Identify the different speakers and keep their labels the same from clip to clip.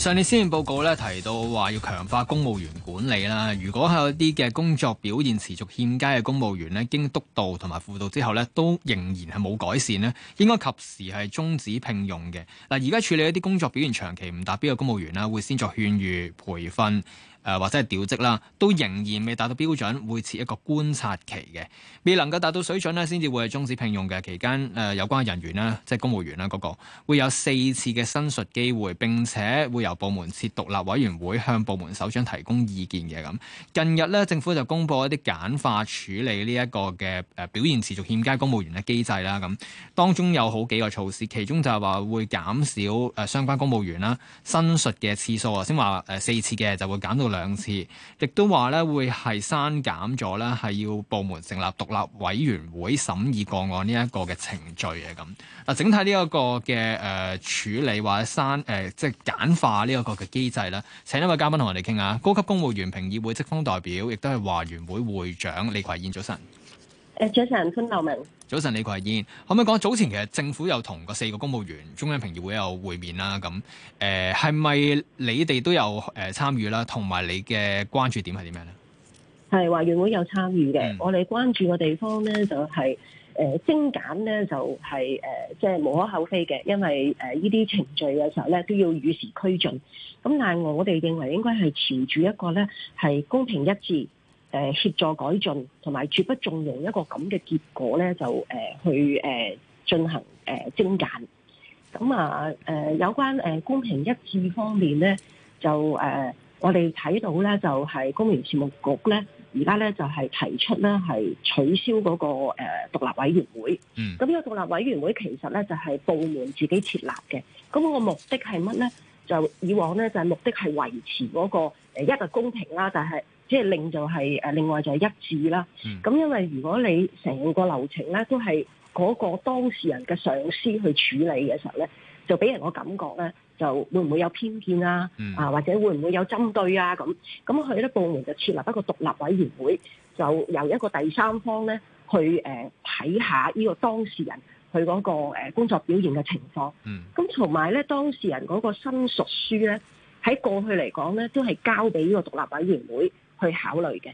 Speaker 1: 上年施政報告咧提到話要強化公務員管理啦，如果係有啲嘅工作表現持續欠佳嘅公務員咧，經督導同埋輔導之後呢，都仍然係冇改善呢，應該及時係終止聘用嘅。嗱，而家處理一啲工作表現長期唔達標嘅公務員啦，會先作勸喻培訓。誒或者係調職啦，都仍然未達到標準，會設一個觀察期嘅。未能夠達到水準呢，先至會係終止聘用嘅期間。誒有關人員啦，即係公務員啦、那個，嗰個會有四次嘅申述機會，並且會由部門設獨立委員會向部門首長提供意見嘅咁。近日呢，政府就公布一啲簡化處理呢一個嘅誒表現持續欠佳公務員嘅機制啦。咁當中有好幾個措施，其中就係話會減少誒相關公務員啦申述嘅次數啊。先話誒四次嘅就會減到兩次，亦都話咧會係刪減咗咧，係要部門成立獨立委員會審議個案呢一個嘅程序嘅咁。嗱，整體呢、這、一個嘅誒、呃、處理或者刪誒、呃、即係簡化呢一個嘅機制咧。請一位嘉賓同我哋傾下，高級公務員評議會職方代表，亦都係華員會會長利葵燕早晨。
Speaker 2: 早晨，潘劉明。
Speaker 1: 早晨，利葵燕。可唔可以講早前其實政府又同個四個公務員中央評議會有會面啦？咁誒，係、呃、咪你哋都有誒參與啦？同、呃、埋你嘅關注點係點樣咧？
Speaker 2: 係，華員會有參與嘅。嗯、我哋關注嘅地方咧，就係、是、誒、呃、精簡咧，就係誒即係無可厚非嘅，因為誒呢啲程序有時候咧，都要與時俱進。咁但係我哋認為應該係持住一個咧，係公平一致。誒，協助改進，同埋絕不縱容一個咁嘅結果咧，就誒去誒進行誒、呃、精簡。咁啊，誒、呃、有關誒公平一致方面咧，就誒、呃、我哋睇到咧，就係公務員事務局咧，而家咧就係提出咧，係取消嗰，那個誒獨、呃、立委員會。嗯。咁呢個獨立委員會其實咧就係部門自己設立嘅。咁，那個目的係乜咧？就以往咧就係目的係維持嗰，那個誒一個公平啦，但係。即係另就係誒，另外就係一致啦。咁因為如果你成個流程咧都係嗰個當事人嘅上司去處理嘅時候咧，就俾人個感覺咧，就會唔會有偏見啊？啊或者會唔會有針對啊？咁咁佢啲部門就設立一個獨立委員會，就由一個第三方咧去誒睇下呢個當事人佢嗰個誒工作表現嘅情況。咁同埋咧，當事人嗰個申述書咧喺過去嚟講咧都係交俾呢個獨立委員會。去考慮嘅，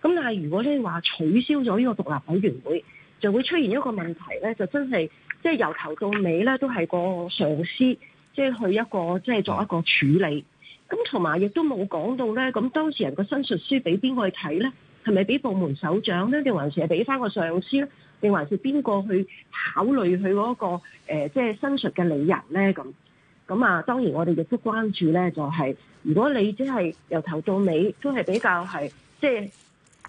Speaker 2: 咁但係如果咧話取消咗呢個獨立委員會，就會出現一個問題咧，就真係即係由頭到尾咧都係個上司即係、就是、去一個即係作一個處理，咁同埋亦都冇講到咧，咁當事人個申述書俾邊個去睇咧？係咪俾部門首長咧？定還是係俾翻個上司咧？定還是邊個去考慮佢嗰、那個即係申述嘅理由咧咁？咁啊，當然我哋亦都關注咧，就係、是、如果你即係由頭到尾都係比較係即係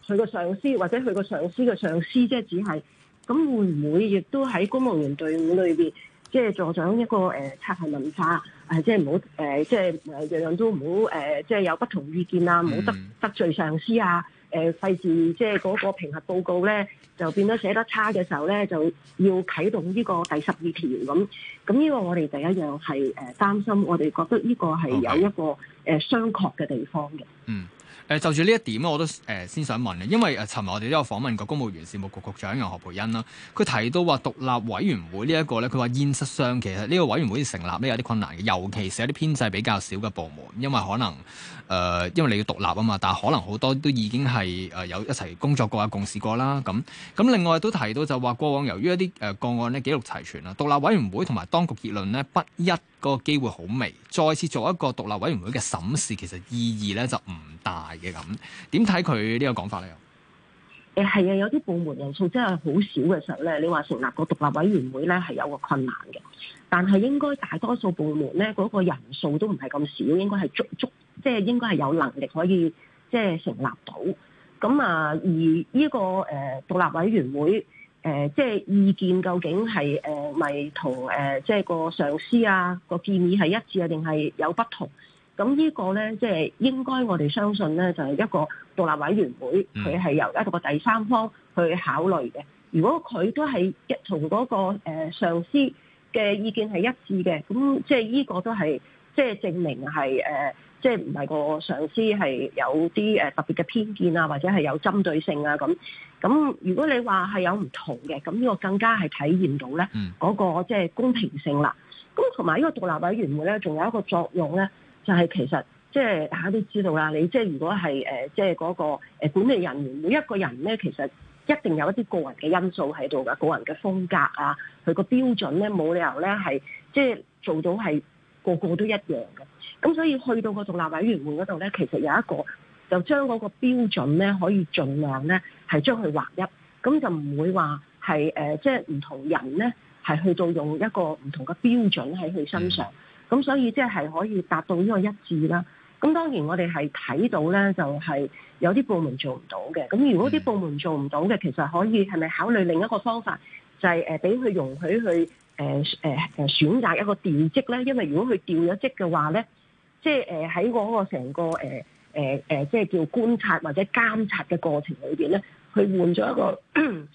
Speaker 2: 佢個上司或者佢個上司嘅上司，即係、就是、只係咁，會唔會亦都喺公務員隊伍裏邊即係助長一個誒拆台文化啊？即係唔好誒，即係誒樣樣都唔好誒，即、呃、係、就是、有不同意見啊，唔好得得罪上司啊，誒費事即係嗰個評核報告咧。就變咗寫得差嘅時候咧，就要啟動呢個第十二條咁。咁呢個我哋第一樣係誒、呃、擔心，我哋覺得呢個係有一個商 Okay.、呃、榷嘅地方嘅。嗯。Mm.
Speaker 1: 誒、呃、就住呢一點咧，我都、呃、先想問，因為誒尋日我哋都有訪問過公務員事務局局長楊何蓓茵啦，佢提到話獨立委員會呢一個咧，佢話現實上其實呢個委員會成立呢有啲困難嘅，尤其是有啲編制比較少嘅部門，因為可能誒、呃、因為你要獨立啊嘛，但可能好多都已經係、呃、有一齊工作過、共事過啦，咁咁另外都提到就話過往由於一啲誒、呃、個案呢記錄齊全，獨立委員會同埋當局結論呢不一。個機會好微，再次做一個獨立委員會嘅審視，其實意義咧就唔大嘅。咁點睇佢呢個講法咧？
Speaker 2: 誒係啊，有啲部門人數真係好少嘅時候咧，你話成立個獨立委員會咧係有個困難嘅。但係應該大多數部門咧，嗰個人數都唔係咁少，應該係足足，即係應該係有能力可以即係成立到咁啊。而呢個誒獨立委員會。誒、呃，即係意見究竟係誒，咪同誒，即係、呃、個上司啊，個建議係一致啊，定係有不同？咁呢個咧，即係應該我哋相信咧，就係、是、一個獨立委員會，佢係由一個第三方去考慮嘅。如果佢都係一同嗰個、呃、上司嘅意見係一致嘅，咁即係呢個都係即係證明係誒。呃即係唔係個上司係有啲誒特別嘅偏見啊，或者係有針對性啊咁咁。如果你話係有唔同嘅，咁呢個更加係體現到咧嗰個即係公平性啦。咁同埋呢個獨立委員會咧，仲有一個作用咧，就係其實即係大家都知道啦，你即係如果係誒即係嗰個管理人員每一個人咧，其實一定有一啲個人嘅因素喺度噶，個人嘅風格啊，佢個標準咧冇理由咧係即係做到係。個個都一樣嘅，咁所以去到個獨立委員會嗰度咧，其實有一個就將嗰個標準咧，可以盡量咧係將佢劃一，咁就唔會話係誒，即係唔同人咧係去到用一個唔同嘅標準喺佢身上，咁所以即係可以達到呢個一致啦。咁當然我哋係睇到咧，就係有啲部門做唔到嘅。咁如果啲部門做唔到嘅，其實可以係咪考慮另一個方法，就係誒俾佢容許去誒誒誒選擇一個調職咧，因為如果佢調咗職嘅話咧，即係誒喺嗰個成個誒誒誒，即係叫觀察或者監察嘅過程裏邊咧，佢換咗一個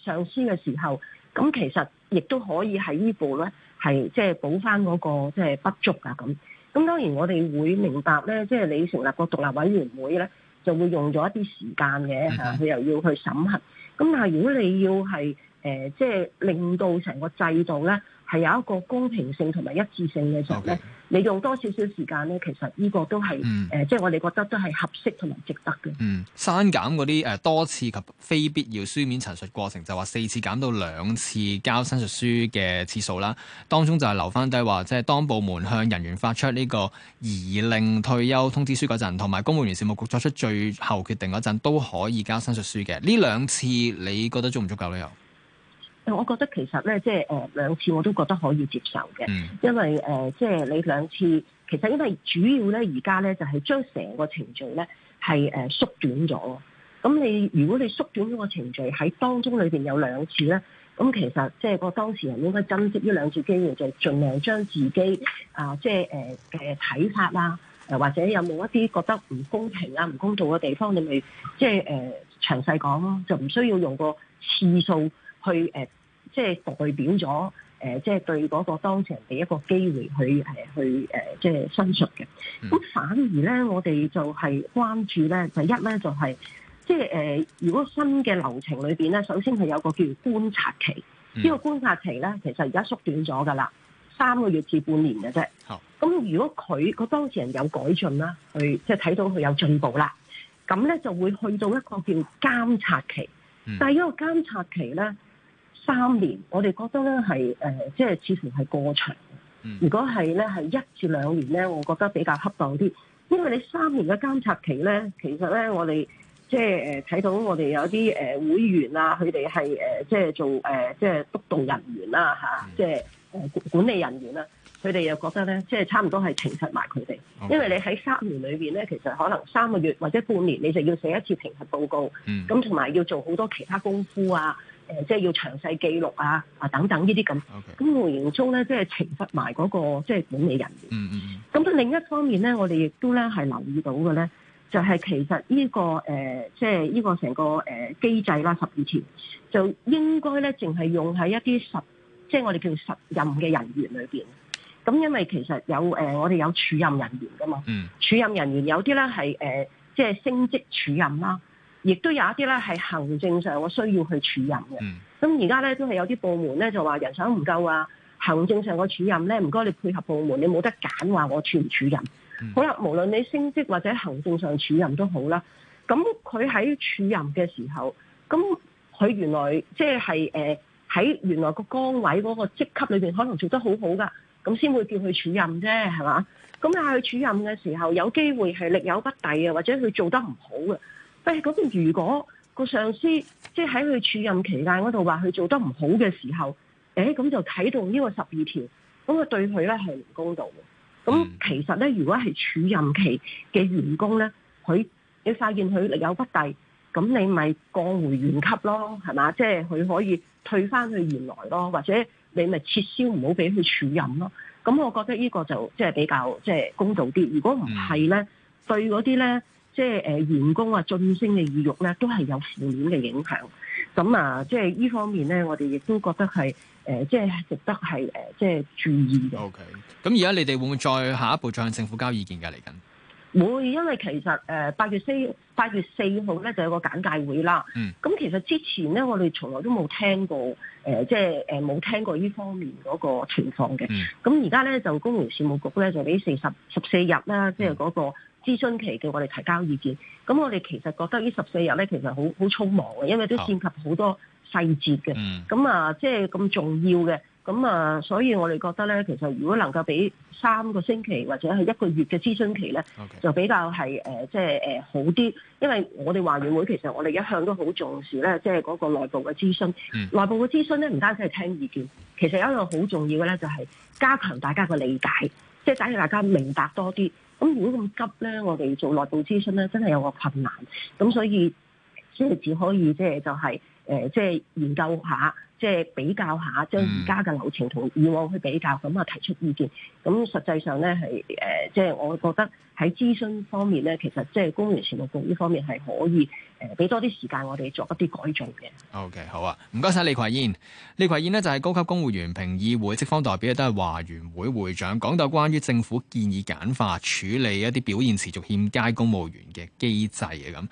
Speaker 2: 上司嘅時候，咁其實亦都可以喺呢步咧，係即係補翻嗰個即係不足啊咁。咁當然我哋會明白咧，即係你成立個獨立委員會咧，就會用咗一啲時間嘅嚇，佢的又要去審核。咁但係如果你要係誒，即、呃、係令到成個制度咧。係有一個公平性同埋一致性嘅時候咧，Okay. 你用多少少時間咧，其實呢個都係誒、嗯呃，即係我哋覺得都係合適同埋值得嘅。
Speaker 1: 嗯，刪減嗰啲誒多次及非必要書面陳述過程，就話四次減到兩次交申述書嘅次數啦。當中就係留翻低話，即係當部門向人員發出呢個移令退休通知書嗰陣，同埋公務員事務局作出最後決定嗰陣，都可以交申述書嘅。呢兩次你覺得足唔足夠呢？又？
Speaker 2: 我覺得其實咧，即係誒兩次我都覺得可以接受嘅，嗯、因為誒即係你兩次，其實因為主要咧而家咧就係、係、將成個程序咧係誒縮短咗。咁你如果你縮短咗個程序喺當中裏邊有兩次咧，咁其實即係個當事人應該珍惜呢兩次機會，就盡量將自己啊即係誒嘅睇法啦，誒或者有冇一啲覺得唔公平啊唔公道嘅地方，你咪即係誒詳細講咯，就唔需要用個次數。去誒、呃，即係代表咗誒、呃，即係對嗰個當事人嘅一個機會去誒、呃，去誒、呃，即係申述嘅。咁、嗯、反而咧，我哋就係關注咧，第一咧就係、是、即係誒、呃，如果新嘅流程裏邊咧，首先係有一個叫觀察期。呢、嗯、個觀察期咧，其實而家縮短咗㗎啦，三個月至半年嘅啫。咁好如果佢個當事人有改進啦，去即係睇到佢有進步啦，咁咧就會去到一個叫監察期。嗯、但係呢個監察期咧。三年，我哋覺得咧係誒，即、呃、係似乎係過長。如果係咧係一至兩年咧，我覺得比較恰當啲。因為你三年嘅監察期咧，其實咧我哋即係誒睇到我哋有啲誒會員，佢哋係、呃呃、員啊，佢哋係誒即係做誒即係督導人員啦嚇，即係誒管理人員啦，佢哋又覺得咧即係差唔多係評實埋佢哋。Okay. 因為你喺三年裏邊咧，其實可能三個月或者半年，你就要寫一次評核報告，咁同埋要做好多其他功夫啊。誒、呃，即係要詳細記錄啊，啊等等 Okay. 呢啲咁，咁過程中咧，即係懲罰埋嗰個即係管理人員。嗯嗯咁另一方面咧，我哋亦都咧係留意到嘅咧，就係、是、其實呢、這個誒、呃，即係呢個成個誒、呃、機制啦，十二條就應該咧，淨係用喺一啲實，即係我哋叫實任嘅人員裏面。咁因為其實有誒、呃，我哋有處任人員噶嘛。嗯、mm。Hmm. 處任人員有啲咧係即係升職處任啦。亦都有一啲咧係行政上我需要去處任嘅，咁而家咧都係有啲部門咧就話人手唔夠啊，行政上個主任咧唔該你配合部門，你冇得揀話我處唔處任。嗯、好啦，無論你升職或者行政上處任都好啦，咁佢喺處任嘅時候，咁佢原來即係誒喺原來個崗位嗰個職級裏邊可能做得好好噶，咁先會叫佢處任啫，係嘛？咁喺佢處任嘅時候，有機會係力有不逮啊，或者佢做得唔好啊。喂，咁嗰邊如果個上司即係喺佢處任期間嗰度話佢做得唔好嘅時候，咁、哎、就睇到呢個十二條，咁佢對佢咧係唔公道嘅。咁其實咧，如果係處任期嘅員工咧，佢你發現佢力有不逮，咁你咪降回原級咯，係嘛？即係佢可以退翻去原來咯，或者你咪撤銷唔好俾佢處任咯。咁我覺得呢個就即係、就是、比較即係、就是、公道啲。如果唔係咧，嗯、對嗰啲咧。即係誒、呃、員工啊晉升嘅意欲咧，都係有負面嘅影響。咁啊，即係呢方面咧，我哋亦都覺得係誒、呃，即係值得係誒、呃，即係注意嘅。O K.
Speaker 1: 咁而家你哋會唔會再下一步再向政府交意見㗎？嚟緊
Speaker 2: 會，因為其實誒八、呃、月四八月四號咧就有個簡介會啦。嗯。咁其實之前咧，我哋從來都冇聽過誒、呃，即係誒冇聽過呢方面嗰個情況嘅。咁而家咧就公營事務局咧就俾四十十四日啦，即係嗰、那個。嗯諮詢期嘅我哋提交意見，咁我哋其實覺得呢十四日咧，其實好好匆忙嘅，因為都涉及好多細節嘅，咁、oh. 啊，即係咁重要嘅，咁啊，所以我哋覺得咧，其實如果能夠俾三個星期或者係一個月嘅諮詢期咧，Okay. 就比較係即係好啲，因為我哋華員會其實我哋一向都好重視咧，即係嗰個內部嘅諮詢，oh. 內部嘅諮詢咧，唔單止係聽意見，其實有一個好重要嘅咧，就係加強大家嘅理解，即係等大家明白多啲。咁如果咁急咧，我哋做內部諮詢咧，真係有個困難，咁所以即係只可以即係就係、是。誒、呃，即係研究下，即係比較下，將而家嘅流程同以往去比較，咁啊提出意見。咁實際上咧，係、呃、誒，即係我覺得喺諮詢方面咧，其實即係公務員事務局呢方面係可以誒，俾、呃、多啲時間我哋作一啲改造嘅。
Speaker 1: O、okay, K，好啊，唔該晒。利葵燕。利葵燕呢，就係高級公務員評議會職方代表，亦都係華員會,會會長，講到關於政府建議簡化處理一啲表現持續欠佳公務員嘅機制嘅咁。